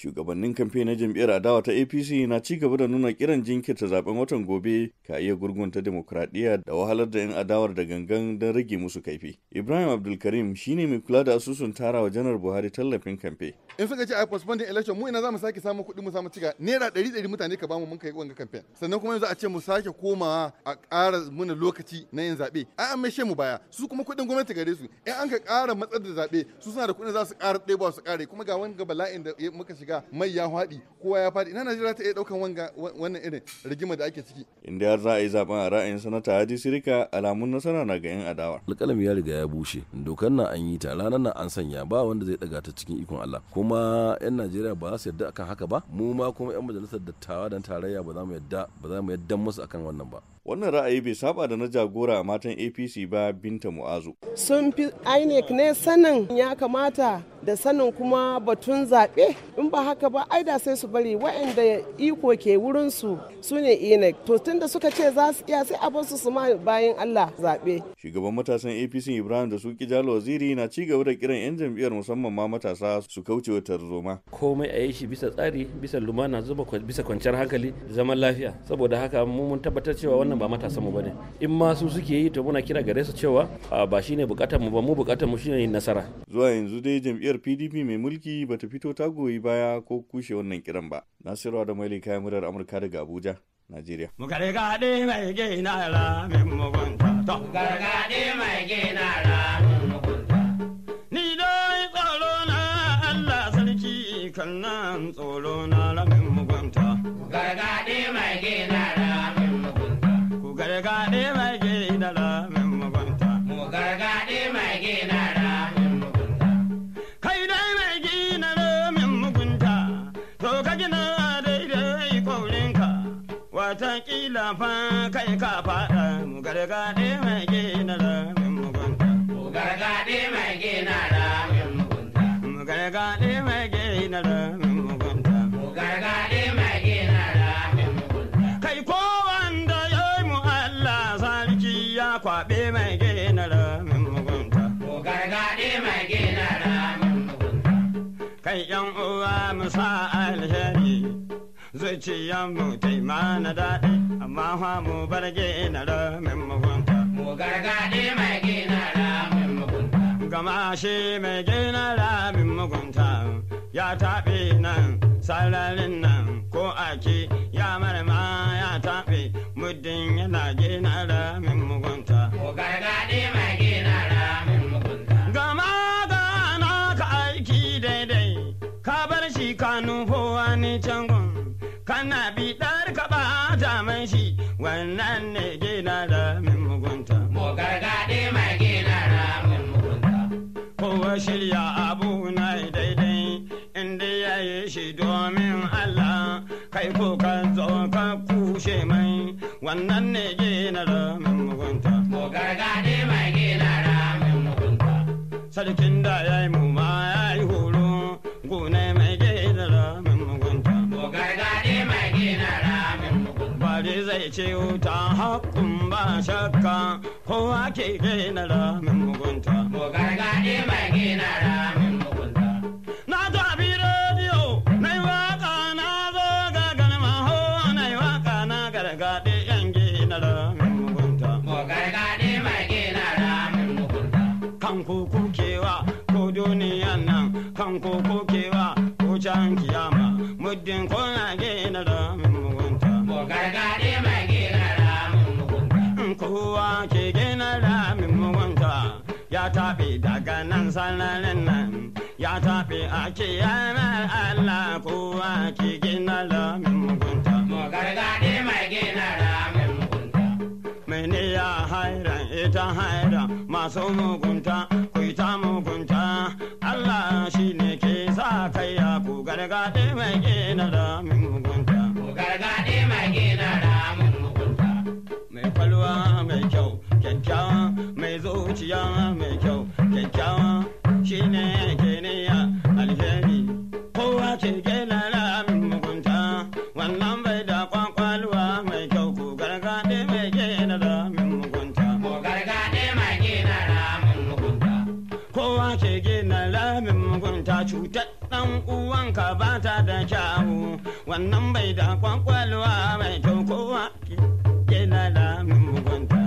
shugabannin kamfe na jam'iyyar adawa ta apc na ci gaba da nuna kiran jinkirta zaben watan gobe ka iya gurgunta demokradiyya da wahalar da 'yan adawar da gangan don rage musu kaifi ibrahim abdulkarim shine mai kula da asusun tarawa janar buhari tallafin kamfe in suka ce a postponing election mu ina za mu sake samun kuɗi mu samu ciga naira ɗari ɗari mutane ka bamu mun kai wanga kamfe sannan kuma yanzu a ce mu sake komawa a ƙara mana lokaci na yin zaɓe ai an mai mu baya su kuma kuɗin gwamnati gare su in an ka ƙara matsar da zaɓe su suna da kuɗin za su ƙara ɗebawa su ƙare kuma ga wani bala'in da muka shiga shiga mai ya faɗi kowa ya faɗi ina najeriya ta iya ɗaukan wannan irin rigima da ake ciki inda har za a yi zaben a ra'ayin sanata hadi sirika alamun nasara na ga yan adawa alƙalam ya riga ya bushe dokan na an yi ta ranar na an sanya ba wanda zai ɗaga ta cikin ikon allah kuma yan najeriya ba za su yarda akan haka ba mu ma kuma yan majalisar dattawa da tarayya ba za mu yarda ba za mu yarda musu akan wannan ba wannan ra'ayi bai saba da na jagora a matan apc ba binta mu'azu sun fi inec ne sanin ya kamata da sanin kuma batun zaɓe in ba haka ba ai da sai su bari wa'anda iko ke wurinsu su ne inec to tun da suka ce za su iya sai a basu su ma bayan allah zaɓe shugaban matasan apc ibrahim da suki jalo waziri na ci gaba da kiran yan jam'iyyar musamman ma matasa su kauce wa tarzoma komai a yi shi bisa tsari bisa lumana zuba bisa kwanciyar hankali zaman lafiya saboda haka mu mun tabbatar cewa wannan ba matasan mu bane in ma su suke yi to muna kira gare su cewa ba shine bukatar mu ba mu bukatar mu shine nasara zuwa yanzu dai jam'iyyar PDP mai mulki bata fito ta goyi baya ko kushe wannan kiran ba Nasiru da Maili kayan murar Amurka daga Abuja Najeriya. Mu gargaɗe mai gina ra, mai mai gina ra. fa kai ka faɗa mu mai gina da min Mu mai gina da min Mu mai gina da min Mu mai gina da min Kai ko wanda ya mu Allah sarki ya kwaɓe mai gina da min Mu mai gina da min mugunta. Kai ƴan uwa mu sa alheri. zuciyar mu taima na daɗi amma fa mu bar gina min mugunta. Mu gargaɗi mai gina min mugunta. Gama shi mai gina min mugunta ya taɓe nan sararin nan ko ake ya marma ya taɓe muddin yana gina min mugunta. Mu gargaɗi mai gina min mugunta. Gama gana ka aiki daidai ka bar shi ka nufo wani can kana bidar ka bata mai shi wannan ne gina da min mugunta. Mu gargaɗe mai gina da min mugunta. Kowa shirya abu na daidai inda ya yi shi domin Allah kai ko ka zo ka kushe mai wannan ne gina da min mugunta. Mu gargaɗe mai gina da min mugunta. Sarkin da ya yi mu ce wuta haƙƙun ba shakka ko ake gina ramin mugunta. Ko gargaɗe mai gina ramin mugunta. Na ta bi rediyo, na yi waka na zo ga galma ho, na yi waka na gargaɗe yan gina ramin mugunta. Ko gargaɗe mai gina ramin mugunta. Kan kuku kewa ko duniyan nan, kan kuku kewa ko can kiyama, muddin kuna gina ramin ruwa ke gina ramin mugunta ya taɓe daga nan sanarin nan ya taɓe a kiyamar Allah kowa ke gina ramin mugunta. Mu gargaɗe mai gina ramin mugunta. Mene ya haira ita haira masu mugunta ku ita mugunta Allah shi ne ke sa kai ya ku gargaɗe mai gina ramin kyakkyawa mai zuciya mai kyau kyakkyawa shine ke niyya alheri kowa ke gelara min mugunta wannan bai da kwakwalwa mai kyau ko gargaɗe mai gelara min mugunta ko gargaɗe mai gelara min mugunta kowa ke gelara min mugunta cutar dan uwanka ba ta da kyawu wannan bai da kwakwalwa mai kyau kowa ke gelara min mugunta